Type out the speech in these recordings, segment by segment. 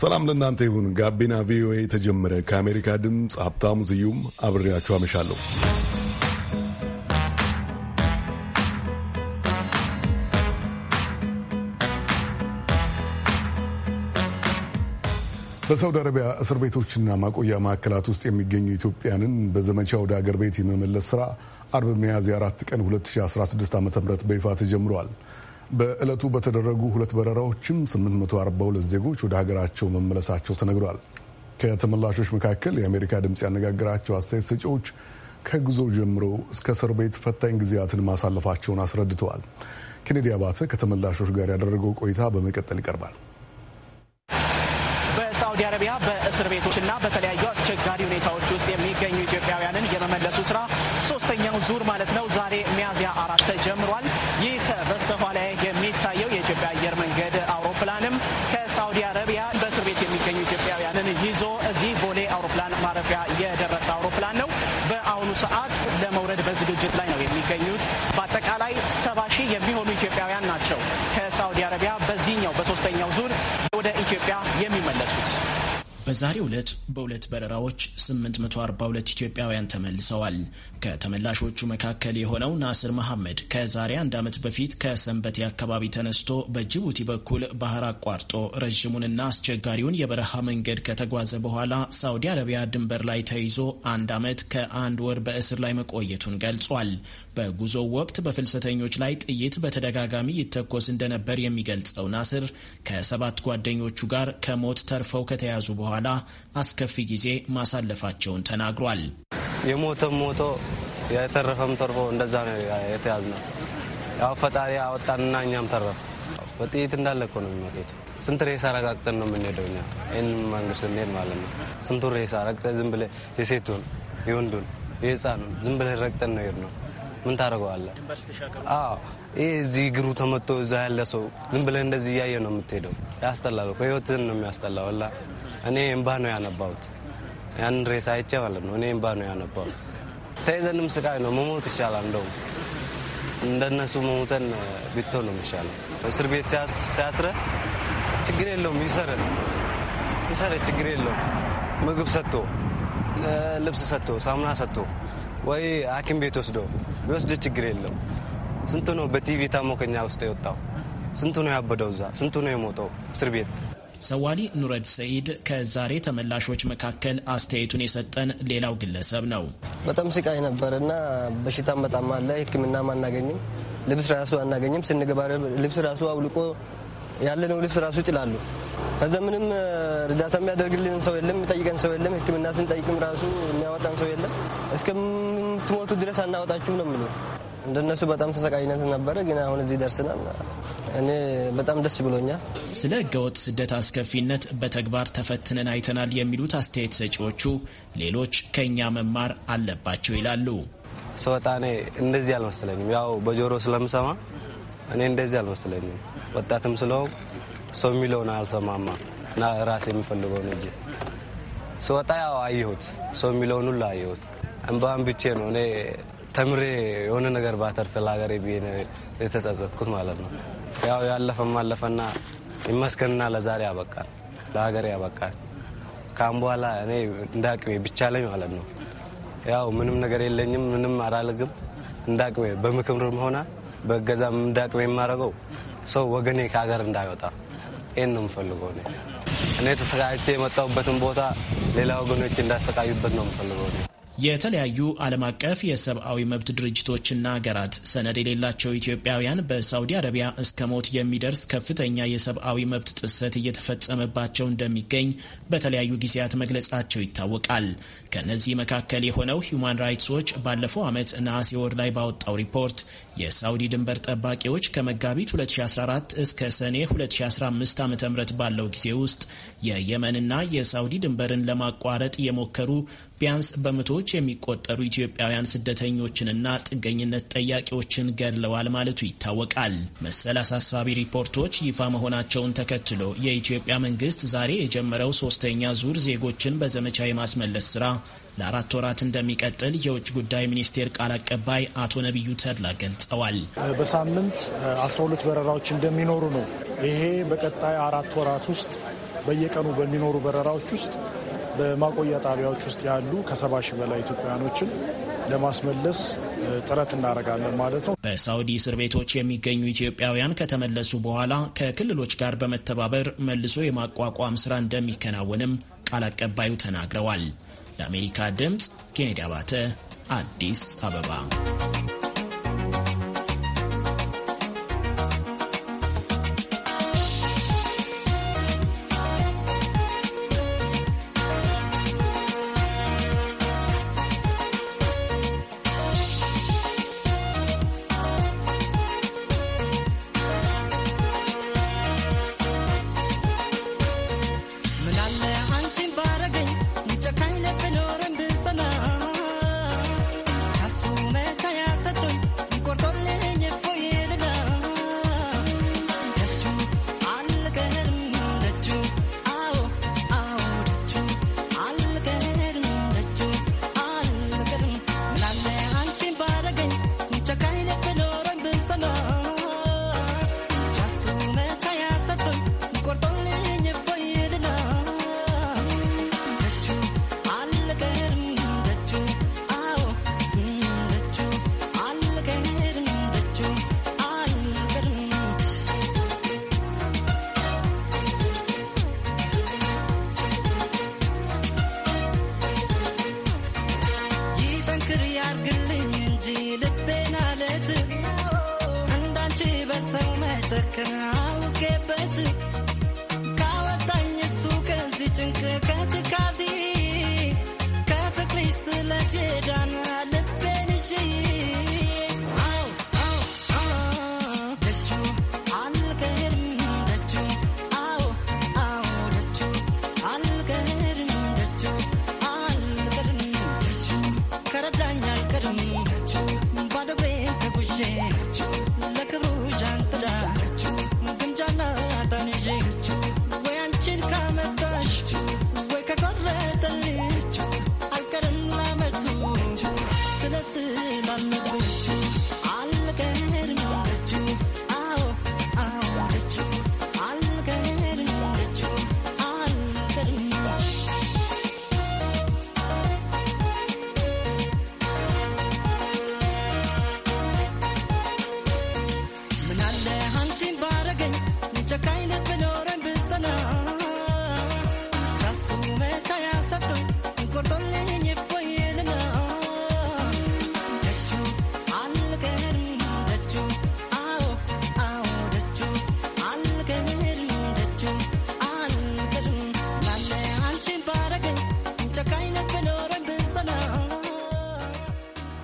ሰላም ለእናንተ ይሁን። ጋቢና ቪኦኤ የተጀመረ ከአሜሪካ ድምፅ ሀብታሙ ስዩም አብሬያችሁ አመሻለሁ። በሳውዲ አረቢያ እስር ቤቶችና ማቆያ ማዕከላት ውስጥ የሚገኙ ኢትዮጵያንን በዘመቻ ወደ አገር ቤት የመመለስ ስራ አርብ ሚያዝያ 4 ቀን 2016 ዓ ም በይፋ ተጀምረዋል። በዕለቱ በተደረጉ ሁለት በረራዎችም 842 ዜጎች ወደ ሀገራቸው መመለሳቸው ተነግሯል። ከተመላሾች መካከል የአሜሪካ ድምፅ ያነጋገራቸው አስተያየት ሰጪዎች ከጉዞ ጀምሮ እስከ እስር ቤት ፈታኝ ጊዜያትን ማሳለፋቸውን አስረድተዋል። ኬኔዲ አባተ ከተመላሾች ጋር ያደረገው ቆይታ በመቀጠል ይቀርባል። በሳውዲ አረቢያ በእስር ቤቶችና በተለያዩ አስቸጋሪ ሁኔታዎች ውስጥ የሚገኙ ኢትዮጵያውያንን የመመለሱ ስራ ሶስተኛው ዙር ማለት ነው ዝግጅት ላይ ነው የሚገኙት። በአጠቃላይ ሰባ ሺህ የሚሆኑ ኢትዮጵያውያን ናቸው ከሳውዲ አረቢያ በዚህኛው በሶስተኛው ዙር ወደ ኢትዮጵያ በዛሬው ዕለት በሁለት በረራዎች 842 ኢትዮጵያውያን ተመልሰዋል። ከተመላሾቹ መካከል የሆነው ናስር መሐመድ ከዛሬ አንድ ዓመት በፊት ከሰንበቴ አካባቢ ተነስቶ በጅቡቲ በኩል ባህር አቋርጦ ረዥሙንና አስቸጋሪውን የበረሃ መንገድ ከተጓዘ በኋላ ሳውዲ አረቢያ ድንበር ላይ ተይዞ አንድ ዓመት ከአንድ ወር በእስር ላይ መቆየቱን ገልጿል። በጉዞው ወቅት በፍልሰተኞች ላይ ጥይት በተደጋጋሚ ይተኮስ እንደነበር የሚገልጸው ናስር ከሰባት ጓደኞቹ ጋር ከሞት ተርፈው ከተያዙ በኋላ በኋላ አስከፊ ጊዜ ማሳለፋቸውን ተናግሯል። የሞተም ሞቶ የተረፈም ተርፎ እንደዛ ነው የተያዝ ነው። ያው ፈጣሪ አወጣንና እኛም ተረፍ። በጥይት እንዳለ እኮ ነው የሚመጡት። ስንት ሬሳ ረጋግጠን ነው የምንሄደው እኛ ይህን መንገድ ስንሄድ ማለት ነው። ስንቱ ሬሳ ረግጠ ዝም ብለ የሴቱን፣ የወንዱን፣ የህፃኑን ዝም ብለ ረግጠን ነው ሄድ ነው ምን ታደርገዋለህ? ይህ እዚህ እግሩ ተመቶ እዛ ያለ ሰው ዝም ብለህ እንደዚህ እያየ ነው የምትሄደው። ያስጠላል። ህይወትን ነው የሚያስጠላ። ላ እኔ እምባ ነው ያነባሁት። ያንን ሬሳ አይቼ ማለት ነው እኔ እምባ ነው ያነባሁት። ተይዘንም ስቃይ ነው። መሞት ይሻላል። እንደውም እንደነሱ መሞተን ቢቶ ነው የሚሻለው። እስር ቤት ሲያስረ ችግር የለውም ይሰረ ይሰረ ችግር የለውም ምግብ ሰጥቶ ልብስ ሰጥቶ ሳሙና ሰጥቶ ወይ ሐኪም ቤት ወስዶ ቢወስድ ችግር የለውም ስንቱ ነው በቲቪ ታሞ ከኛ ውስጥ የወጣው? ስንቱ ነው ያበደው? እዛ ስንቱ ነው የሞተው እስር ቤት? ሰዋሊ ኑረድ ሰኢድ ከዛሬ ተመላሾች መካከል አስተያየቱን የሰጠን ሌላው ግለሰብ ነው። በጣም ስቃይ ነበር እና በሽታም በጣም አለ። ህክምናም አናገኝም፣ ልብስ ራሱ አናገኝም። ስንገባ ልብስ ራሱ አውልቆ ያለነው ልብስ ራሱ ይጥላሉ። ከዛ ምንም እርዳታ የሚያደርግልን ሰው የለም፣ የሚጠይቀን ሰው የለም። ሕክምና ስንጠይቅም ራሱ የሚያወጣን ሰው የለም። እስከምትሞቱ ድረስ አናወጣችሁም ነው የሚለው እንደነሱ በጣም ተሰቃይነት ነበረ፣ ግን አሁን እዚህ ደርስናል። እኔ በጣም ደስ ብሎኛል። ስለ ህገወጥ ስደት አስከፊነት በተግባር ተፈትነን አይተናል የሚሉት አስተያየት ሰጪዎቹ ሌሎች ከእኛ መማር አለባቸው ይላሉ። ስወጣ እኔ እንደዚህ አልመሰለኝም። ያው በጆሮ ስለምሰማ እኔ እንደዚህ አልመሰለኝም። ወጣትም ስለሆም ሰው የሚለውን አልሰማማ እና ራሴ የሚፈልገውን እጅ ስወጣ ያው አየሁት፣ ሰው የሚለውን ሁሉ አየሁት። እንባን ብቼ ነው እኔ ተምሬ የሆነ ነገር ባተርፍ ለሀገሬ ብዬ የተጸጸትኩት ማለት ነው። ያው ያለፈም አለፈና ይመስገንና ለዛሬ ያበቃል፣ ለሀገሬ ያበቃል። ካም በኋላ እኔ እንደ አቅሜ ብቻ ላይ ማለት ነው። ያው ምንም ነገር የለኝም፣ ምንም አላልግም። እንደ አቅሜ በምክምርም ሆነ በገዛም እንደ አቅሜ የማደርገው ሰው ወገኔ ከሀገር እንዳይወጣ ይህን ነው የምፈልገው። እኔ ተሰቃይቼ የመጣሁበትን ቦታ ሌላ ወገኖች እንዳሰቃዩበት ነው የምፈልገው። የተለያዩ ዓለም አቀፍ የሰብአዊ መብት ድርጅቶችና ሀገራት ሰነድ የሌላቸው ኢትዮጵያውያን በሳውዲ አረቢያ እስከ ሞት የሚደርስ ከፍተኛ የሰብአዊ መብት ጥሰት እየተፈጸመባቸው እንደሚገኝ በተለያዩ ጊዜያት መግለጻቸው ይታወቃል። ከእነዚህ መካከል የሆነው ሂዩማን ራይትስ ዎች ባለፈው ዓመት ነሐሴ ወር ላይ ባወጣው ሪፖርት የሳውዲ ድንበር ጠባቂዎች ከመጋቢት 2014 እስከ ሰኔ 2015 ዓ ም ባለው ጊዜ ውስጥ የየመንና የሳውዲ ድንበርን ለማቋረጥ የሞከሩ ቢያንስ በመቶዎች የሚቆጠሩ ኢትዮጵያውያን ስደተኞችንና ጥገኝነት ጠያቂዎችን ገድለዋል ማለቱ ይታወቃል። መሰል አሳሳቢ ሪፖርቶች ይፋ መሆናቸውን ተከትሎ የኢትዮጵያ መንግስት ዛሬ የጀመረው ሶስተኛ ዙር ዜጎችን በዘመቻ የማስመለስ ስራ ለአራት ወራት እንደሚቀጥል የውጭ ጉዳይ ሚኒስቴር ቃል አቀባይ አቶ ነቢዩ ተድላ ገልጸዋል። በሳምንት 12 በረራዎች እንደሚኖሩ ነው። ይሄ በቀጣይ አራት ወራት ውስጥ በየቀኑ በሚኖሩ በረራዎች ውስጥ በማቆያ ጣቢያዎች ውስጥ ያሉ ከሰባ ሺህ በላይ ኢትዮጵያውያኖችን ለማስመለስ ጥረት እናደርጋለን ማለት ነው። በሳውዲ እስር ቤቶች የሚገኙ ኢትዮጵያውያን ከተመለሱ በኋላ ከክልሎች ጋር በመተባበር መልሶ የማቋቋም ስራ እንደሚከናወንም ቃል አቀባዩ ተናግረዋል። ለአሜሪካ ድምፅ ኬኔዲ አባተ አዲስ አበባ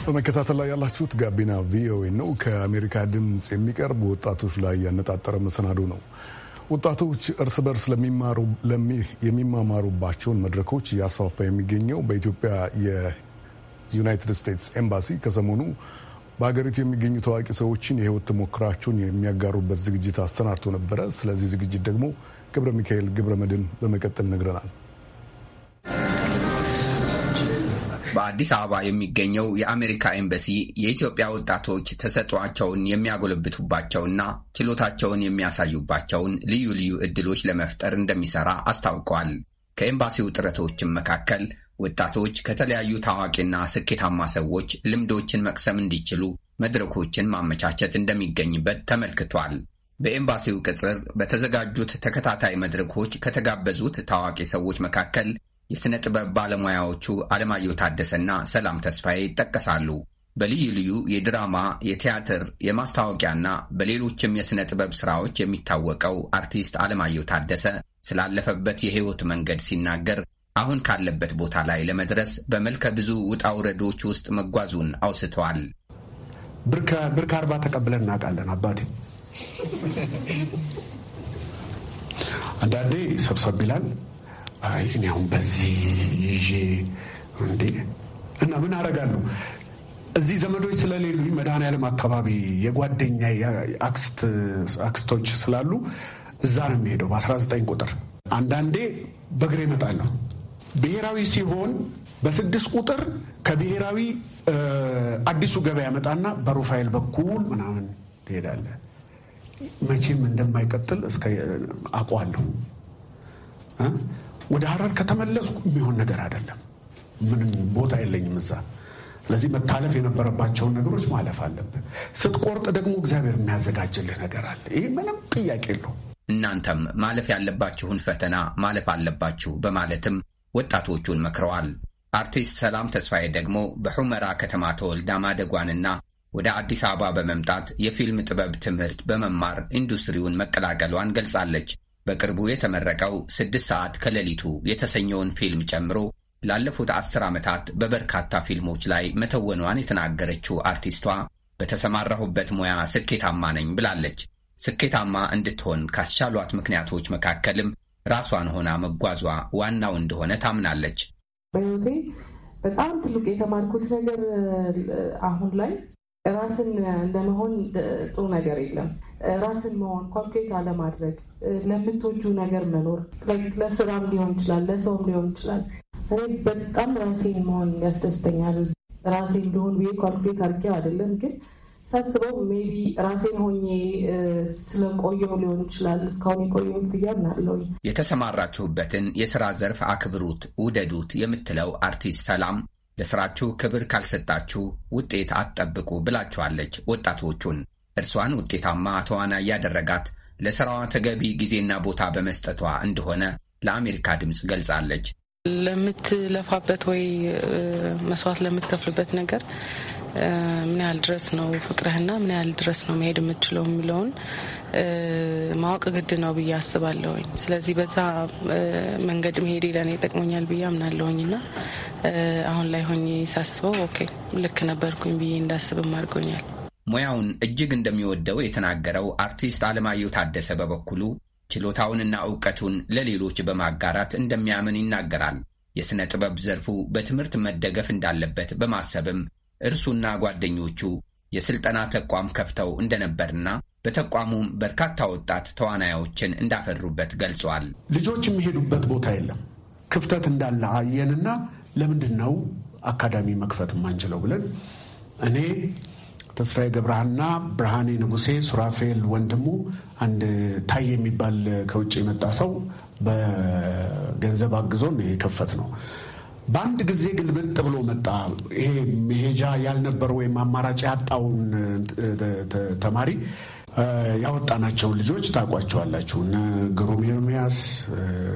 በመከታተል ላይ ያላችሁት ጋቢና ቪኦኤ ነው። ከአሜሪካ ድምፅ የሚቀርብ ወጣቶች ላይ ያነጣጠረ መሰናዶ ነው። ወጣቶች እርስ በርስ የሚማማሩባቸውን መድረኮች እያስፋፋ የሚገኘው በኢትዮጵያ የዩናይትድ ስቴትስ ኤምባሲ ከሰሞኑ በሀገሪቱ የሚገኙ ታዋቂ ሰዎችን የህይወት ተሞክራቸውን የሚያጋሩበት ዝግጅት አሰናድቶ ነበረ። ስለዚህ ዝግጅት ደግሞ ገብረ ሚካኤል ገብረ መድን በመቀጠል ነግረናል። በአዲስ አበባ የሚገኘው የአሜሪካ ኤምበሲ የኢትዮጵያ ወጣቶች ተሰጧቸውን የሚያጎለብቱባቸውና ችሎታቸውን የሚያሳዩባቸውን ልዩ ልዩ እድሎች ለመፍጠር እንደሚሰራ አስታውቋል። ከኤምባሲው ጥረቶችም መካከል ወጣቶች ከተለያዩ ታዋቂና ስኬታማ ሰዎች ልምዶችን መቅሰም እንዲችሉ መድረኮችን ማመቻቸት እንደሚገኝበት ተመልክቷል። በኤምባሲው ቅጽር በተዘጋጁት ተከታታይ መድረኮች ከተጋበዙት ታዋቂ ሰዎች መካከል የሥነ ጥበብ ባለሙያዎቹ አለማየሁ ታደሰና ሰላም ተስፋዬ ይጠቀሳሉ። በልዩ ልዩ የድራማ፣ የቲያትር፣ የማስታወቂያና በሌሎችም የሥነ ጥበብ ሥራዎች የሚታወቀው አርቲስት አለማየሁ ታደሰ ስላለፈበት የሕይወት መንገድ ሲናገር አሁን ካለበት ቦታ ላይ ለመድረስ በመልከ ብዙ ውጣ ውረዶች ውስጥ መጓዙን አውስተዋል። ብር ከአርባ ተቀብለን እናውቃለን። አባቴ አንዳንዴ ሰብሰብ ይላል አይ እኔ አሁን በዚህ ይዤ እንዴ እና ምን አደርጋለሁ? እዚህ ዘመዶች ስለሌሉኝ መድኃኔዓለም አካባቢ የጓደኛ አክስቶች ስላሉ እዛ ነው የሚሄደው። በ19 ቁጥር አንዳንዴ በእግሬ እመጣለሁ። ብሔራዊ ሲሆን በስድስት ቁጥር ከብሔራዊ አዲሱ ገበያ መጣና በሩፋኤል በኩል ምናምን ትሄዳለ። መቼም እንደማይቀጥል እስከ አውቀዋለሁ። ወደ ሀረር ከተመለስኩ የሚሆን ነገር አይደለም። ምንም ቦታ የለኝም እዛ። ስለዚህ መታለፍ የነበረባቸውን ነገሮች ማለፍ አለብን። ስትቆርጥ ደግሞ እግዚአብሔር የሚያዘጋጅልህ ነገር አለ። ይህ ምንም ጥያቄ የለው። እናንተም ማለፍ ያለባችሁን ፈተና ማለፍ አለባችሁ በማለትም ወጣቶቹን መክረዋል። አርቲስት ሰላም ተስፋዬ ደግሞ በሑመራ ከተማ ተወልዳ ማደጓንና ወደ አዲስ አበባ በመምጣት የፊልም ጥበብ ትምህርት በመማር ኢንዱስትሪውን መቀላቀሏን ገልጻለች። በቅርቡ የተመረቀው ስድስት ሰዓት ከሌሊቱ የተሰኘውን ፊልም ጨምሮ ላለፉት አስር ዓመታት በበርካታ ፊልሞች ላይ መተወኗን የተናገረችው አርቲስቷ በተሰማራሁበት ሙያ ስኬታማ ነኝ ብላለች። ስኬታማ እንድትሆን ካስቻሏት ምክንያቶች መካከልም ራሷን ሆና መጓዟ ዋናው እንደሆነ ታምናለች። በህይወቴ በጣም ትልቅ የተማርኩት ነገር አሁን ላይ ራስን እንደመሆን ጥሩ ነገር የለም። ራስን መሆን ኮምፕሌት አለማድረግ፣ ለምትወጂው ነገር መኖር፣ ለስራም ሊሆን ይችላል፣ ለሰውም ሊሆን ይችላል። እኔ በጣም ራሴን መሆን ያስደስተኛል። ራሴ እንደሆን ብዬ ኮምፕሌት አድርጌ አይደለም፣ ግን ሳስበው ሜቢ ራሴን ሆኜ ስለቆየው ሊሆን ይችላል እስካሁን የቆየሁት ብዬ አምናለሁ። የተሰማራችሁበትን የስራ ዘርፍ አክብሩት፣ ውደዱት የምትለው አርቲስት ሰላም ለስራችሁ ክብር ካልሰጣችሁ ውጤት አትጠብቁ ብላችኋለች ወጣቶቹን። እርሷን ውጤታማ ተዋናይ እያደረጋት ለሥራዋ ተገቢ ጊዜና ቦታ በመስጠቷ እንደሆነ ለአሜሪካ ድምፅ ገልጻለች። ለምትለፋበት ወይ መስዋዕት ለምትከፍልበት ነገር ምን ያህል ድረስ ነው ፍቅርህና ምን ያህል ድረስ ነው መሄድ የምትችለው የሚለውን ማወቅ ግድ ነው ብዬ አስባለሁኝ። ስለዚህ በዛ መንገድ መሄድ ለእኔ ጠቅሞኛል ብዬ አምናለሁኝ እና አሁን ላይ ሆኜ ሳስበው ኦኬ ልክ ነበርኩኝ ብዬ እንዳስብም አድርጎኛል። ሙያውን እጅግ እንደሚወደው የተናገረው አርቲስት አለማየሁ ታደሰ በበኩሉ ችሎታውንና እውቀቱን ለሌሎች በማጋራት እንደሚያምን ይናገራል። የሥነ ጥበብ ዘርፉ በትምህርት መደገፍ እንዳለበት በማሰብም እርሱና ጓደኞቹ የሥልጠና ተቋም ከፍተው እንደነበርና በተቋሙም በርካታ ወጣት ተዋናዮችን እንዳፈሩበት ገልጿል። ልጆች የሚሄዱበት ቦታ የለም፣ ክፍተት እንዳለ አየንና ለምንድን ነው አካዳሚ መክፈት የማንችለው ብለን እኔ ተስፋዬ ገብረሃና ብርሃኔ ንጉሴ፣ ሱራፌል ወንድሙ፣ አንድ ታይ የሚባል ከውጭ የመጣ ሰው በገንዘብ አግዞን የከፈት ነው። በአንድ ጊዜ ግልብጥ ብሎ መጣ። ይሄ መሄጃ ያልነበር ወይም አማራጭ ያጣውን ተማሪ ያወጣናቸውን ልጆች ታውቋቸዋላችሁ። እነ ግሩም ኤርሚያስ፣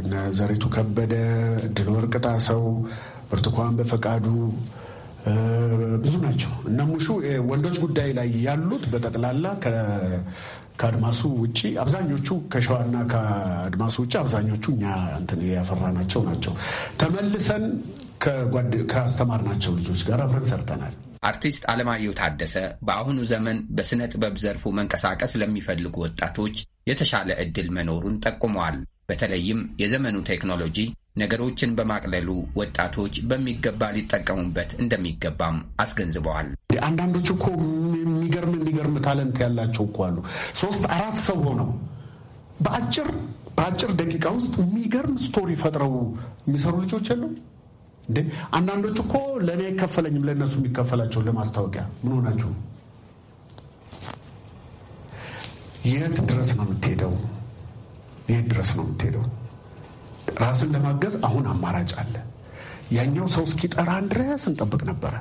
እነ ዘሪቱ ከበደ፣ ድል ወርቅ ጣሰው፣ ብርቱካን በፈቃዱ ብዙ ናቸው። እነ ሙሹ ወንዶች ጉዳይ ላይ ያሉት በጠቅላላ ከአድማሱ ውጭ አብዛኞቹ ከሸዋና ከአድማሱ ውጭ አብዛኞቹ እኛ ያፈራናቸው ናቸው። ተመልሰን ከአስተማርናቸው ልጆች ጋር አብረን ሰርተናል። አርቲስት አለማየሁ ታደሰ በአሁኑ ዘመን በሥነ ጥበብ ዘርፉ መንቀሳቀስ ለሚፈልጉ ወጣቶች የተሻለ ዕድል መኖሩን ጠቁመዋል። በተለይም የዘመኑ ቴክኖሎጂ ነገሮችን በማቅለሉ ወጣቶች በሚገባ ሊጠቀሙበት እንደሚገባም አስገንዝበዋል። አንዳንዶች እኮ የሚገርም የሚገርም ታለንት ያላቸው እኮ አሉ። ሶስት አራት ሰው ሆነው በአጭር በአጭር ደቂቃ ውስጥ የሚገርም ስቶሪ ፈጥረው የሚሰሩ ልጆች የሉ አንዳንዶች እኮ ለእኔ አይከፈለኝም፣ ለእነሱ የሚከፈላቸው ለማስታወቂያ ምን ሆናችሁ? የት ድረስ ነው የምትሄደው? የት ድረስ ነው የምትሄደው? ራስን ለማገዝ አሁን አማራጭ አለ። ያኛው ሰው እስኪጠራን ድረስ እንጠብቅ ነበረ።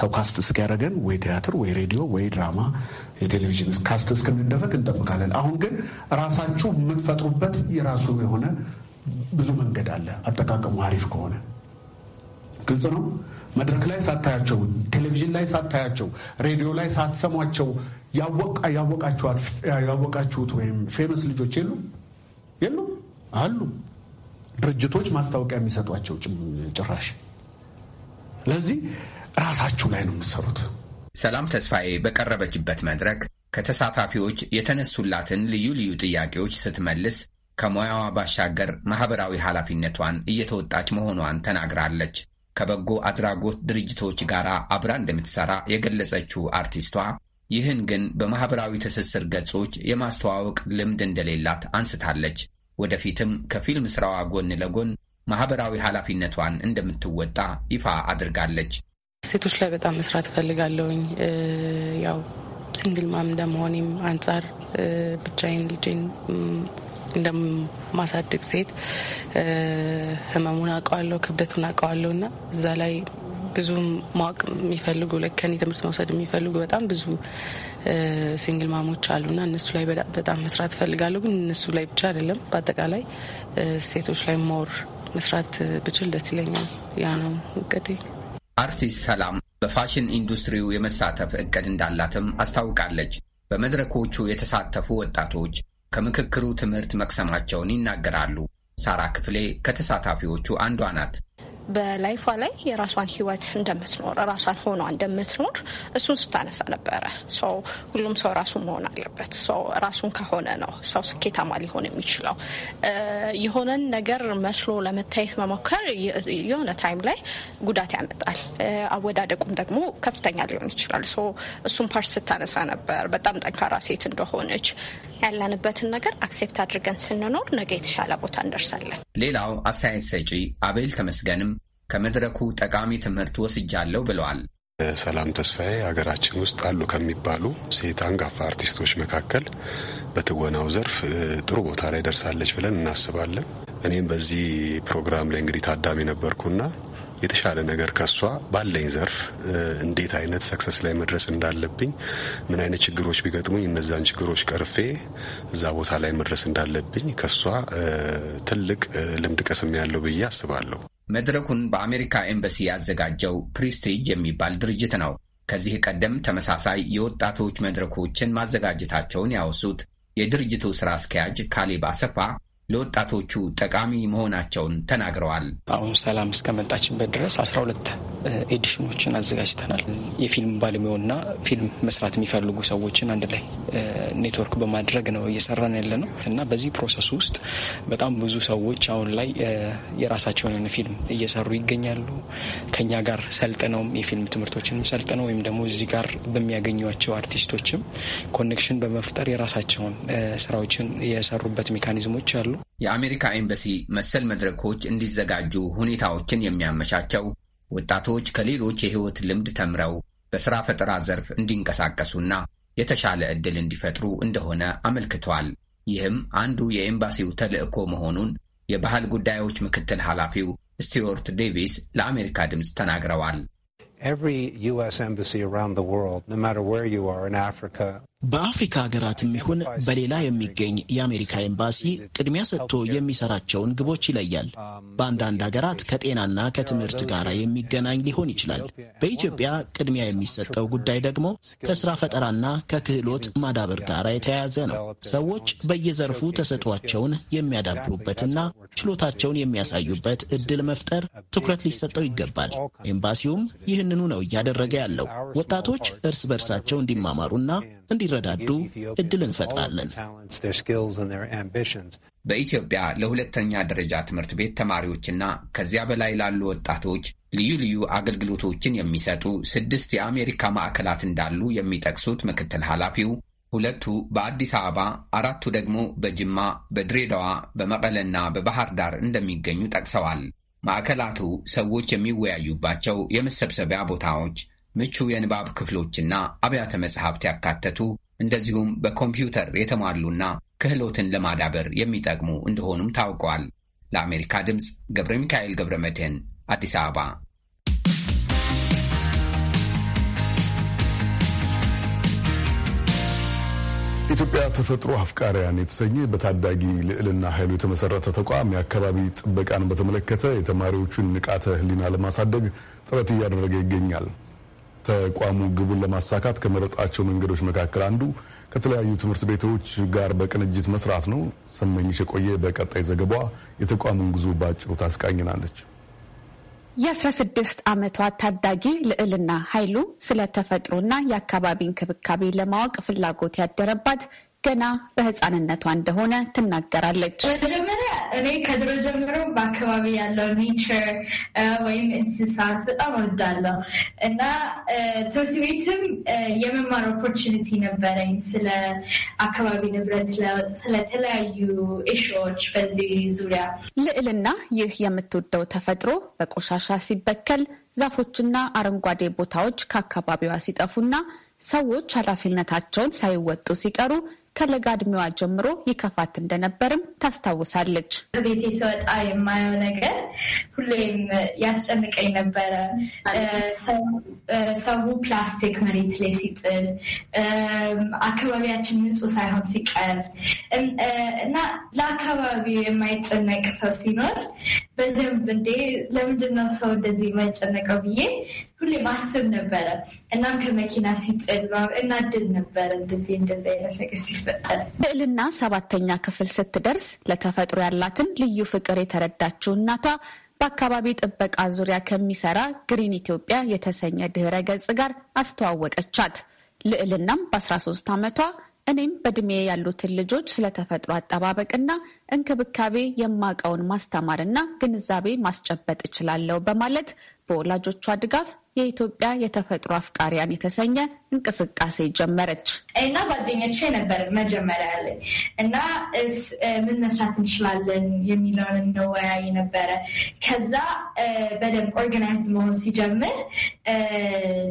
ሰው ካስት እስኪያደረገን ወይ ቲያትር፣ ወይ ሬዲዮ፣ ወይ ድራማ፣ የቴሌቪዥን ካስት እስክንደረግ እንጠብቃለን። አሁን ግን ራሳችሁ የምትፈጥሩበት የራሱ የሆነ ብዙ መንገድ አለ። አጠቃቀሙ አሪፍ ከሆነ ግልጽ ነው። መድረክ ላይ ሳታያቸው፣ ቴሌቪዥን ላይ ሳታያቸው፣ ሬዲዮ ላይ ሳትሰሟቸው ያወቃችሁት ወይም ፌመስ ልጆች የሉ የሉ አሉ ድርጅቶች ማስታወቂያ የሚሰጧቸው ጭራሽ። ለዚህ ራሳችሁ ላይ ነው የምትሰሩት። ሰላም ተስፋዬ በቀረበችበት መድረክ ከተሳታፊዎች የተነሱላትን ልዩ ልዩ ጥያቄዎች ስትመልስ ከሙያዋ ባሻገር ማኅበራዊ ኃላፊነቷን እየተወጣች መሆኗን ተናግራለች። ከበጎ አድራጎት ድርጅቶች ጋር አብራ እንደምትሠራ የገለጸችው አርቲስቷ ይህን ግን በማኅበራዊ ትስስር ገጾች የማስተዋወቅ ልምድ እንደሌላት አንስታለች። ወደፊትም ከፊልም ስራዋ ጎን ለጎን ማህበራዊ ኃላፊነቷን እንደምትወጣ ይፋ አድርጋለች። ሴቶች ላይ በጣም መስራት እፈልጋለሁኝ። ያው ሲንግል ማም እንደመሆኔም አንጻር ብቻዬን ልጄን እንደማሳድግ ሴት ህመሙን አውቀዋለሁ፣ ክብደቱን አውቀዋለሁ እና እዛ ላይ ብዙ ማወቅ የሚፈልጉ ከኔ ትምህርት መውሰድ የሚፈልጉ በጣም ብዙ ሲንግል ማሞች አሉና እነሱ ላይ በጣም መስራት ፈልጋለሁ። ግን እነሱ ላይ ብቻ አይደለም፣ በአጠቃላይ ሴቶች ላይ ሞር መስራት ብችል ደስ ይለኛል። ያ ነው እቅዴ። አርቲስት ሰላም በፋሽን ኢንዱስትሪው የመሳተፍ እቅድ እንዳላትም አስታውቃለች። በመድረኮቹ የተሳተፉ ወጣቶች ከምክክሩ ትምህርት መቅሰማቸውን ይናገራሉ። ሳራ ክፍሌ ከተሳታፊዎቹ አንዷ ናት። በላይፏ ላይ የራሷን ህይወት እንደምትኖር ራሷን ሆኗ እንደምትኖር እሱን ስታነሳ ነበረ። ሰው ሁሉም ሰው ራሱ መሆን አለበት። ሰው ራሱን ከሆነ ነው ሰው ስኬታማ ሊሆን የሚችለው። የሆነን ነገር መስሎ ለመታየት መሞከር የሆነ ታይም ላይ ጉዳት ያመጣል። አወዳደቁም ደግሞ ከፍተኛ ሊሆን ይችላል። እሱን ፓርት ስታነሳ ነበር። በጣም ጠንካራ ሴት እንደሆነች ያለንበትን ነገር አክሴፕት አድርገን ስንኖር ነገ የተሻለ ቦታ እንደርሳለን። ሌላው አስተያየት ሰጪ አቤል ተመስገንም ከመድረኩ ጠቃሚ ትምህርት ወስጃለሁ ብለዋል። ሰላም ተስፋዬ ሀገራችን ውስጥ አሉ ከሚባሉ ሴት አንጋፋ አርቲስቶች መካከል በትወናው ዘርፍ ጥሩ ቦታ ላይ ደርሳለች ብለን እናስባለን። እኔም በዚህ ፕሮግራም ላይ እንግዲህ ታዳሚ ነበርኩና የተሻለ ነገር ከሷ ባለኝ ዘርፍ እንዴት አይነት ሰክሰስ ላይ መድረስ እንዳለብኝ፣ ምን አይነት ችግሮች ቢገጥሙኝ እነዛን ችግሮች ቀርፌ እዛ ቦታ ላይ መድረስ እንዳለብኝ ከሷ ትልቅ ልምድ ቀስም ያለው ብዬ አስባለሁ። መድረኩን በአሜሪካ ኤምባሲ ያዘጋጀው ፕሪስቲጅ የሚባል ድርጅት ነው። ከዚህ ቀደም ተመሳሳይ የወጣቶች መድረኮችን ማዘጋጀታቸውን ያወሱት የድርጅቱ ስራ አስኪያጅ ካሌብ አሰፋ ለወጣቶቹ ጠቃሚ መሆናቸውን ተናግረዋል። አሁን ሰላም እስከመጣችበት ድረስ አስራ ሁለት ኤዲሽኖችን አዘጋጅተናል። የፊልም ባለሙያውና ፊልም መስራት የሚፈልጉ ሰዎችን አንድ ላይ ኔትወርክ በማድረግ ነው እየሰራን ያለ ነው እና በዚህ ፕሮሰስ ውስጥ በጣም ብዙ ሰዎች አሁን ላይ የራሳቸውን የሆነ ፊልም እየሰሩ ይገኛሉ። ከኛ ጋር ሰልጥነውም የፊልም ትምህርቶችን ሰልጥነው ወይም ደግሞ እዚህ ጋር በሚያገኟቸው አርቲስቶችም ኮኔክሽን በመፍጠር የራሳቸውን ስራዎችን የሰሩበት ሜካኒዝሞች አሉ። ነው። የአሜሪካ ኤምባሲ መሰል መድረኮች እንዲዘጋጁ ሁኔታዎችን የሚያመቻቸው ወጣቶች ከሌሎች የህይወት ልምድ ተምረው በሥራ ፈጠራ ዘርፍ እንዲንቀሳቀሱና የተሻለ ዕድል እንዲፈጥሩ እንደሆነ አመልክቷል። ይህም አንዱ የኤምባሲው ተልዕኮ መሆኑን የባህል ጉዳዮች ምክትል ኃላፊው ስቲዎርት ዴቪስ ለአሜሪካ ድምፅ ተናግረዋል። በአፍሪካ ሀገራትም ይሁን በሌላ የሚገኝ የአሜሪካ ኤምባሲ ቅድሚያ ሰጥቶ የሚሰራቸውን ግቦች ይለያል። በአንዳንድ ሀገራት ከጤናና ከትምህርት ጋር የሚገናኝ ሊሆን ይችላል። በኢትዮጵያ ቅድሚያ የሚሰጠው ጉዳይ ደግሞ ከስራ ፈጠራና ከክህሎት ማዳበር ጋር የተያያዘ ነው። ሰዎች በየዘርፉ ተሰጧቸውን የሚያዳብሩበትና ችሎታቸውን የሚያሳዩበት እድል መፍጠር ትኩረት ሊሰጠው ይገባል። ኤምባሲውም ይህንኑ ነው እያደረገ ያለው። ወጣቶች እርስ በርሳቸው እንዲማማሩና እንዲረዳዱ እድል እንፈጥራለን። በኢትዮጵያ ለሁለተኛ ደረጃ ትምህርት ቤት ተማሪዎችና ከዚያ በላይ ላሉ ወጣቶች ልዩ ልዩ አገልግሎቶችን የሚሰጡ ስድስት የአሜሪካ ማዕከላት እንዳሉ የሚጠቅሱት ምክትል ኃላፊው ሁለቱ በአዲስ አበባ፣ አራቱ ደግሞ በጅማ፣ በድሬዳዋ፣ በመቀለና በባህር ዳር እንደሚገኙ ጠቅሰዋል። ማዕከላቱ ሰዎች የሚወያዩባቸው የመሰብሰቢያ ቦታዎች ምቹ የንባብ ክፍሎችና አብያተ መጽሐፍት ያካተቱ እንደዚሁም በኮምፒውተር የተሟሉና ክህሎትን ለማዳበር የሚጠቅሙ እንደሆኑም ታውቋል። ለአሜሪካ ድምፅ ገብረ ሚካኤል ገብረ መድህን አዲስ አበባ። ኢትዮጵያ ተፈጥሮ አፍቃሪያን የተሰኘ በታዳጊ ልዕልና ኃይሉ የተመሰረተ ተቋም የአካባቢ ጥበቃን በተመለከተ የተማሪዎቹን ንቃተ ሕሊና ለማሳደግ ጥረት እያደረገ ይገኛል። ተቋሙ ግቡን ለማሳካት ከመረጣቸው መንገዶች መካከል አንዱ ከተለያዩ ትምህርት ቤቶች ጋር በቅንጅት መስራት ነው። ሰመኝሽ የቆየ በቀጣይ ዘገባ የተቋሙን ጉዞ በአጭሩ ታስቃኝናለች። የ16 ዓመቷ ታዳጊ ልዕልና ኃይሉ ስለ ተፈጥሮና የአካባቢ እንክብካቤ ለማወቅ ፍላጎት ያደረባት ገና በህፃንነቷ እንደሆነ ትናገራለች። መጀመሪያ እኔ ከድሮ ጀምሮ በአካባቢ ያለው ኔቸር ወይም እንስሳት በጣም ወዳለሁ እና ትምህርት ቤትም የመማር ኦፖርቹኒቲ ነበረኝ ስለ አካባቢ ንብረት ለውጥ፣ ስለተለያዩ ኢሹዎች በዚህ ዙሪያ ልዕልና ይህ የምትወደው ተፈጥሮ በቆሻሻ ሲበከል ዛፎችና አረንጓዴ ቦታዎች ከአካባቢዋ ሲጠፉና ሰዎች ኃላፊነታቸውን ሳይወጡ ሲቀሩ ከለጋ እድሜዋ ጀምሮ ይከፋት እንደነበርም ታስታውሳለች። ቤቴ ስወጣ የማየው ነገር ሁሌም ያስጨንቀኝ ነበረ። ሰው ፕላስቲክ መሬት ላይ ሲጥል፣ አካባቢያችን ንጹህ ሳይሆን ሲቀር እና ለአካባቢው የማይጨነቅ ሰው ሲኖር በደንብ እንዴ ለምንድነው ሰው እንደዚህ የማይጨነቀው ብዬ ሁሌ ማስብ ነበረ። እናም ከመኪና ሲጥል እናድል ነበር እንደዚህ እንደዚህ አይነት ነገር ሲል ልዕልና ሰባተኛ ክፍል ስትደርስ ለተፈጥሮ ያላትን ልዩ ፍቅር የተረዳችው እናቷ በአካባቢ ጥበቃ ዙሪያ ከሚሰራ ግሪን ኢትዮጵያ የተሰኘ ድህረ ገጽ ጋር አስተዋወቀቻት። ልዕልናም በ13 ዓመቷ እኔም በእድሜ ያሉትን ልጆች ስለተፈጥሮ አጠባበቅና እንክብካቤ የማውቀውን ማስተማርና ግንዛቤ ማስጨበጥ እችላለሁ በማለት በወላጆቿ ድጋፍ የኢትዮጵያ የተፈጥሮ አፍቃሪያን የተሰኘ እንቅስቃሴ ጀመረች እና ጓደኞቼ ነበር መጀመሪያ ላይ እና ምን መስራት እንችላለን የሚለውን እንወያይ ነበረ። ከዛ በደንብ ኦርጋናይዝ መሆን ሲጀምር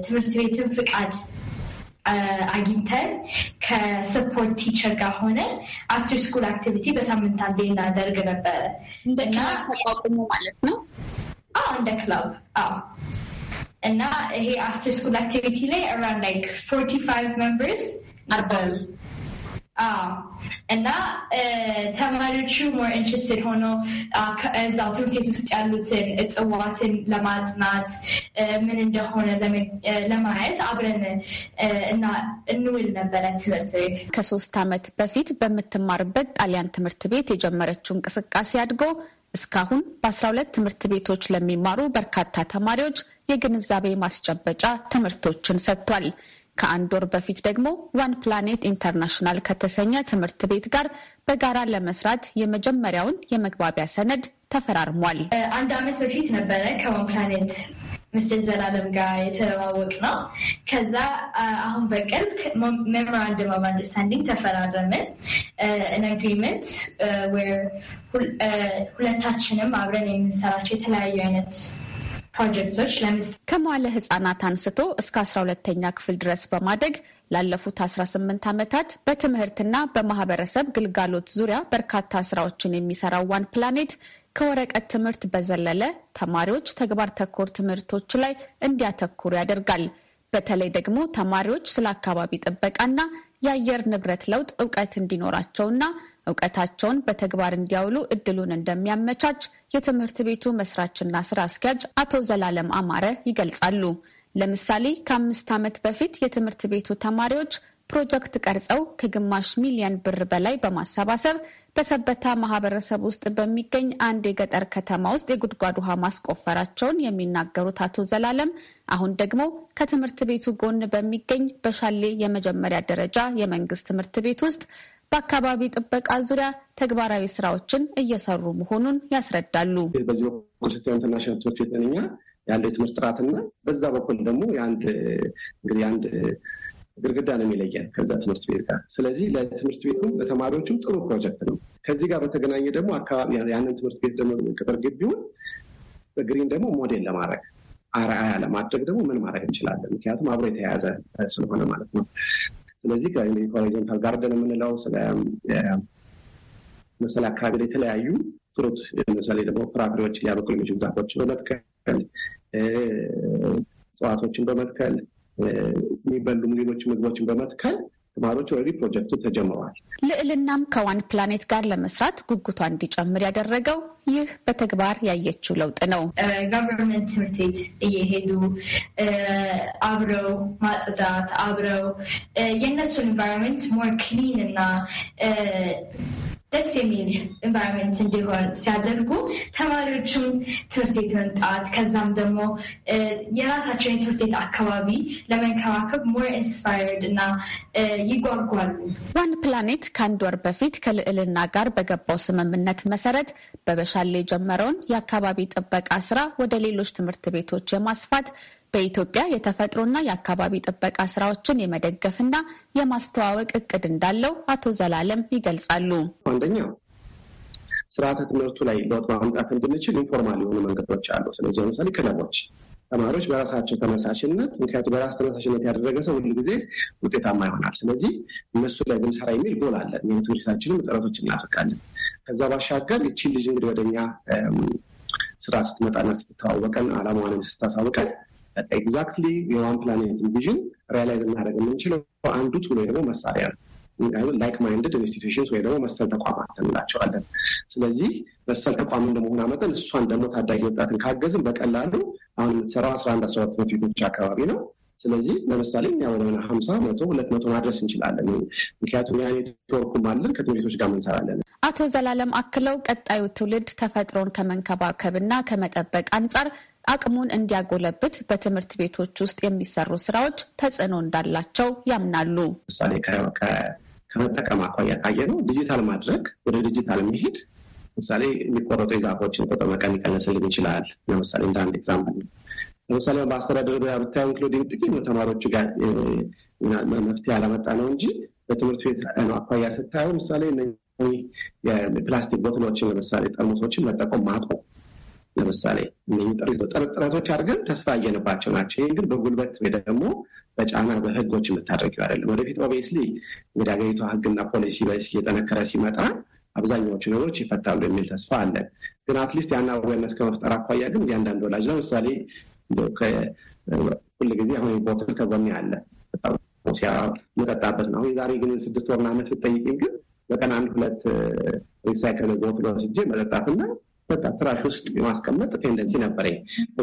ትምህርት ቤትን ፍቃድ አግኝተን ከስፖርት ቲቸር ጋር ሆነን አፍተር ስኩል አክቲቪቲ በሳምንት አንዴ እናደርግ ነበረ። እንደ ተቋቁሞ ማለት ነው አዎ እንደ ክለብ አዎ። እና ይሄ አፍተር ስኩል አክቲቪቲ ላይ አራውንድ ላይክ ፎርቲ ፋይቭ ሜምበርስ ነበሩ። እና ተማሪዎቹ ሞር ኢንትረስትድ ሆኖ ah, eh, እዛው ትምህርት ቤት ውስጥ ያሉትን እጽዋትን ለማጥናት eh, ምን እንደሆነ eh, ለማየት አብረን እና እንውል ነበረ ትምህርት ቤት። ከሶስት ዓመት በፊት በምትማርበት ጣሊያን ትምህርት ቤት የጀመረችው እንቅስቃሴ አድጎ እስካሁን በ12 ትምህርት ቤቶች ለሚማሩ በርካታ ተማሪዎች የግንዛቤ ማስጨበጫ ትምህርቶችን ሰጥቷል። ከአንድ ወር በፊት ደግሞ ዋን ፕላኔት ኢንተርናሽናል ከተሰኘ ትምህርት ቤት ጋር በጋራ ለመስራት የመጀመሪያውን የመግባቢያ ሰነድ ተፈራርሟል። አንድ ዓመት በፊት ነበረ ከዋን ፕላኔት ምስል ዘላለም ጋር የተዋወቅ ነው። ከዛ አሁን በቅርብ ሜሞራንድም ኦፍ አንደርስታንዲንግ ተፈራረምን አግሪመንት ሁለታችንም አብረን የምንሰራቸው የተለያዩ አይነት ፕሮጀክቶች ከመዋለ ህጻናት አንስቶ እስከ አስራ ሁለተኛ ክፍል ድረስ በማደግ ላለፉት 18 ዓመታት በትምህርትና በማህበረሰብ ግልጋሎት ዙሪያ በርካታ ስራዎችን የሚሰራው ዋን ፕላኔት ከወረቀት ትምህርት በዘለለ ተማሪዎች ተግባር ተኮር ትምህርቶች ላይ እንዲያተኩሩ ያደርጋል። በተለይ ደግሞ ተማሪዎች ስለ አካባቢ ጥበቃና የአየር ንብረት ለውጥ እውቀት እንዲኖራቸውና እውቀታቸውን በተግባር እንዲያውሉ እድሉን እንደሚያመቻች የትምህርት ቤቱ መስራችና ስራ አስኪያጅ አቶ ዘላለም አማረ ይገልጻሉ። ለምሳሌ ከአምስት ዓመት በፊት የትምህርት ቤቱ ተማሪዎች ፕሮጀክት ቀርጸው ከግማሽ ሚሊዮን ብር በላይ በማሰባሰብ በሰበታ ማህበረሰብ ውስጥ በሚገኝ አንድ የገጠር ከተማ ውስጥ የጉድጓድ ውሃ ማስቆፈራቸውን የሚናገሩት አቶ ዘላለም አሁን ደግሞ ከትምህርት ቤቱ ጎን በሚገኝ በሻሌ የመጀመሪያ ደረጃ የመንግስት ትምህርት ቤት ውስጥ በአካባቢ ጥበቃ ዙሪያ ተግባራዊ ስራዎችን እየሰሩ መሆኑን ያስረዳሉ። በዚህ በኩል ስትሆን ኢንተርናሽናል ትምህርት ቤት አንደኛ የትምህርት ጥራትና በዛ በኩል ደግሞ የአንድ ግድግዳ ነው የሚለየን ከዛ ትምህርት ቤት ጋር። ስለዚህ ለትምህርት ቤቱም ለተማሪዎቹም ጥሩ ፕሮጀክት ነው። ከዚህ ጋር በተገናኘ ደግሞ አካባቢ ያንን ትምህርት ቤት ደግሞ ቅጥር ግቢውን በግሪን ደግሞ ሞዴል ለማድረግ አርአያ ለማድረግ ደግሞ ምን ማድረግ እንችላለን? ምክንያቱም አብሮ የተያያዘ ስለሆነ ማለት ነው። ስለዚህ ሆሪዞንታል ጋርደን የምንለው ስለ መሰል አካባቢ ላይ የተለያዩ ፍሩት ለምሳሌ ደግሞ ፍራፍሬዎች ሊያበቅሉ የሚችሉ ዛፎችን በመትከል እጽዋቶችን በመትከል የሚበሉ ሌሎች ምግቦችን በመትከል ተማሪዎች ኦልሬዲ ፕሮጀክቱ ተጀምረዋል። ልዕልናም ከዋን ፕላኔት ጋር ለመስራት ጉጉቷ እንዲጨምር ያደረገው ይህ በተግባር ያየችው ለውጥ ነው። ጋቨርንመንት ትምህርት ቤት እየሄዱ አብረው ማጽዳት፣ አብረው የእነሱን ኢንቫይሮንመንት ሞር ክሊን እና ደስ የሚል ኢንቫይሮንመንት እንዲሆን ሲያደርጉ ተማሪዎችም ትምህርት ቤት መምጣት ከዛም ደግሞ የራሳቸውን የትምህርት ቤት አካባቢ ለመንከባከብ ሞር ኢንስፓየርድ እና ይጓጓሉ። ዋን ፕላኔት ከአንድ ወር በፊት ከልዕልና ጋር በገባው ስምምነት መሰረት በበሻሌ የጀመረውን የአካባቢ ጥበቃ ስራ ወደ ሌሎች ትምህርት ቤቶች የማስፋት በኢትዮጵያ የተፈጥሮና የአካባቢ ጥበቃ ስራዎችን የመደገፍና የማስተዋወቅ እቅድ እንዳለው አቶ ዘላለም ይገልጻሉ። አንደኛው ስርዓተ ትምህርቱ ላይ ለውጥ ማምጣት እንድንችል ኢንፎርማል የሆኑ መንገዶች አሉ። ስለዚህ ለምሳሌ ክለቦች፣ ተማሪዎች በራሳቸው ተነሳሽነት ምክንያቱ በራስ ተነሳሽነት ያደረገ ሰው ሁሉ ጊዜ ውጤታማ ይሆናል። ስለዚህ እነሱ ላይ ብንሰራ የሚል ጎል አለን። ይህም ትምህርታችንም ጥረቶች እናደርጋለን። ከዛ ባሻገር ይቺ ልጅ እንግዲህ ወደኛ ስራ ስትመጣና ስትተዋወቀን አላማዋንም ስታሳውቀን ኤግዛክትሊ የዋን ፕላኔት ቪዥን ሪያላይዝ እናደርግ የምንችለው አንዱ ቱል ወይ ደግሞ መሳሪያ ነው። ላይክ ማይንድድ ኢንስቲቱሽንስ ወይ ደግሞ መሰል ተቋማት እንላቸዋለን። ስለዚህ መሰል ተቋም እንደመሆኗ መጠን እሷን ደግሞ ታዳጊ ወጣትን ካገዝን በቀላሉ አሁን የምትሰራው አስራ አንድ አስራ ሁለት ትምህርት ቤቶች አካባቢ ነው። ስለዚህ ለምሳሌ ያ ወደሆነ ሀምሳ መቶ ሁለት መቶ ማድረስ እንችላለን። ምክንያቱም ያ ኔትወርኩም አለን ከትምህርት ቤቶች ጋር እንሰራለን። አቶ ዘላለም አክለው ቀጣዩ ትውልድ ተፈጥሮን ከመንከባከብና ከመጠበቅ አንጻር አቅሙን እንዲያጎለብት በትምህርት ቤቶች ውስጥ የሚሰሩ ስራዎች ተጽዕኖ እንዳላቸው ያምናሉ። ምሳሌ ከመጠቀም አኳያ ካየ ነው ዲጂታል ማድረግ ወደ ዲጂታል መሄድ ምሳሌ የሚቆረጡ የዛፎችን ቁጥር መቀነስልን ይችላል። ለምሳሌ እንደ አንድ ኤግዛምፕል ነው። ለምሳሌ በአስተዳደር ዙሪያ ብታየው ኢንክሉዲንግ ጥቂት ተማሪዎች ጋር መፍትሄ ያላመጣ ነው እንጂ በትምህርት ቤት አኳያ ስታየው ምሳሌ የፕላስቲክ ቦትሎችን ለምሳሌ ጠርሙሶችን መጠቆም ማቆም ለምሳሌ እነህም ጥረቶች አድርገን ተስፋ እየንባቸው ናቸው። ይህ ግን በጉልበት ወይ ደግሞ በጫና በህጎች የምታደርጊው አይደለም። ወደፊት ኦቤስሊ እንግዲህ ሀገሪቷ ህግና ፖሊሲ በስ እየጠነከረ ሲመጣ አብዛኛዎቹ ነገሮች ይፈታሉ የሚል ተስፋ አለ። ግን አትሊስት ያን አዌርነስ ከመፍጠር አኳያ ግን እያንዳንድ ወላጅ ለምሳሌ ሁል ጊዜ አሁን ቦትል ከጎኔ አለ መጠጣበት ነው። የዛሬ ግን ስድስት ወር ዓመት ብጠይቅም ግን በቀን አንድ ሁለት ሪሳይክል ቦትል ወስጄ መጠጣትና በቃ ፍራሽ ውስጥ የማስቀመጥ ቴንደንሲ ነበረኝ።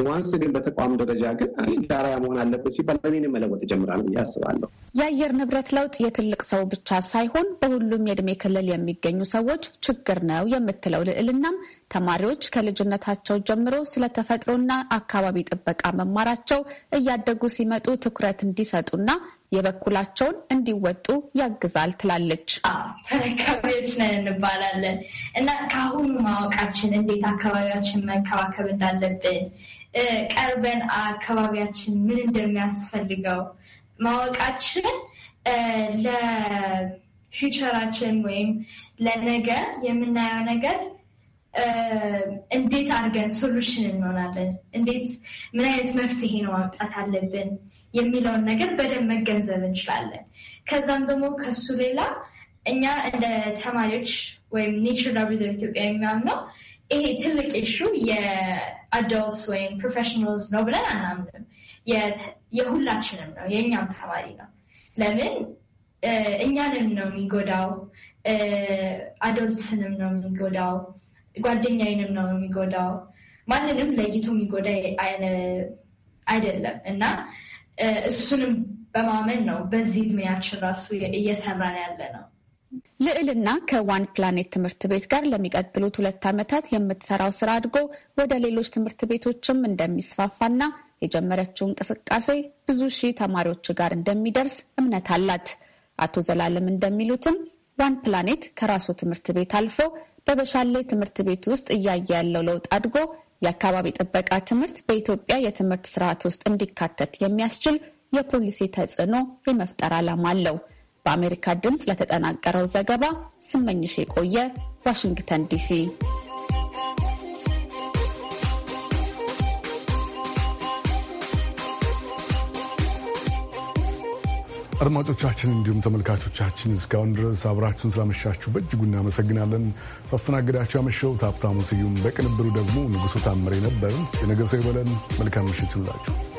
ዋንስ ግን በተቋም ደረጃ ግን ዳራያ መሆን አለበት ሲባል በኔን መለወጥ ጀምራል ብዬ አስባለሁ። የአየር ንብረት ለውጥ የትልቅ ሰው ብቻ ሳይሆን በሁሉም የእድሜ ክልል የሚገኙ ሰዎች ችግር ነው የምትለው ልዕልናም ተማሪዎች ከልጅነታቸው ጀምሮ ስለ ተፈጥሮና አካባቢ ጥበቃ መማራቸው እያደጉ ሲመጡ ትኩረት እንዲሰጡና የበኩላቸውን እንዲወጡ ያግዛል ትላለች። ተረካቢዎች ነን እንባላለን እና ከአሁኑ ማወቃችን እንዴት አካባቢያችን መከባከብ እንዳለብን ቀርበን አካባቢያችን ምን እንደሚያስፈልገው ማወቃችን ለፊውቸራችን ወይም ለነገ የምናየው ነገር እንዴት አድርገን ሶሉሽን እንሆናለን፣ እንዴት ምን አይነት መፍትሄ ነው ማምጣት አለብን የሚለውን ነገር በደንብ መገንዘብ እንችላለን። ከዛም ደግሞ ከሱ ሌላ እኛ እንደ ተማሪዎች ወይም ኔቸር ዳብዘብ ኢትዮጵያ የሚያምነው ይሄ ትልቅ ሹ የአዶልትስ ወይም ፕሮፌሽናልስ ነው ብለን አናምንም። የሁላችንም ነው፣ የእኛም ተማሪ ነው። ለምን እኛንም ነው የሚጎዳው፣ አዶልትስንም ነው የሚጎዳው፣ ጓደኛዬንም ነው የሚጎዳው። ማንንም ለይቶ የሚጎዳ አይደለም እና እሱንም በማመን ነው በዚህ እድሜያችን ራሱ እየሰራን ያለ ነው። ልዕልና ከዋን ፕላኔት ትምህርት ቤት ጋር ለሚቀጥሉት ሁለት ዓመታት የምትሰራው ስራ አድጎ ወደ ሌሎች ትምህርት ቤቶችም እንደሚስፋፋና የጀመረችው እንቅስቃሴ ብዙ ሺህ ተማሪዎች ጋር እንደሚደርስ እምነት አላት። አቶ ዘላለም እንደሚሉትም ዋን ፕላኔት ከራሱ ትምህርት ቤት አልፎ በበሻሌ ትምህርት ቤት ውስጥ እያየ ያለው ለውጥ አድጎ የአካባቢ ጥበቃ ትምህርት በኢትዮጵያ የትምህርት ስርዓት ውስጥ እንዲካተት የሚያስችል የፖሊሲ ተጽዕኖ የመፍጠር ዓላማ አለው። በአሜሪካ ድምፅ ለተጠናቀረው ዘገባ ስመኝሽ የቆየ ዋሽንግተን ዲሲ አድማጮቻችን እንዲሁም ተመልካቾቻችን እስካሁን ድረስ አብራችሁን ስላመሻችሁ በእጅጉ እናመሰግናለን። ሳስተናግዳችሁ ያመሸሁት ሀብታሙ ስዩም፣ በቅንብሩ ደግሞ ንጉሱ ታምሬ ነበር። የነገ ሰው ይበለን። መልካም ምሽት ይሁንላችሁ።